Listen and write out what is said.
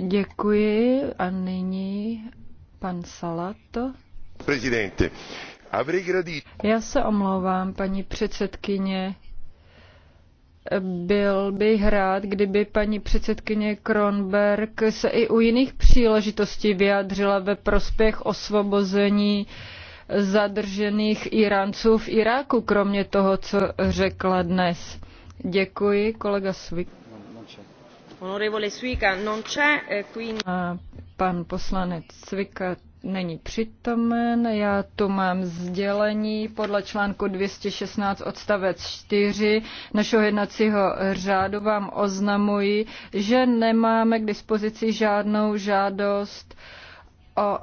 Děkuji a nyní pan Salato. Prezidente, já se omlouvám, paní předsedkyně. Byl bych rád, kdyby paní předsedkyně Kronberg se i u jiných příležitostí vyjádřila ve prospěch osvobození zadržených Iránců v Iráku, kromě toho, co řekla dnes. Děkuji, kolega Svik. Eh, pan poslanec Cvika není přitomen. Já tu mám sdělení podle článku 216 odstavec 4 našeho jednacího řádu vám oznamuji, že nemáme k dispozici žádnou žádost o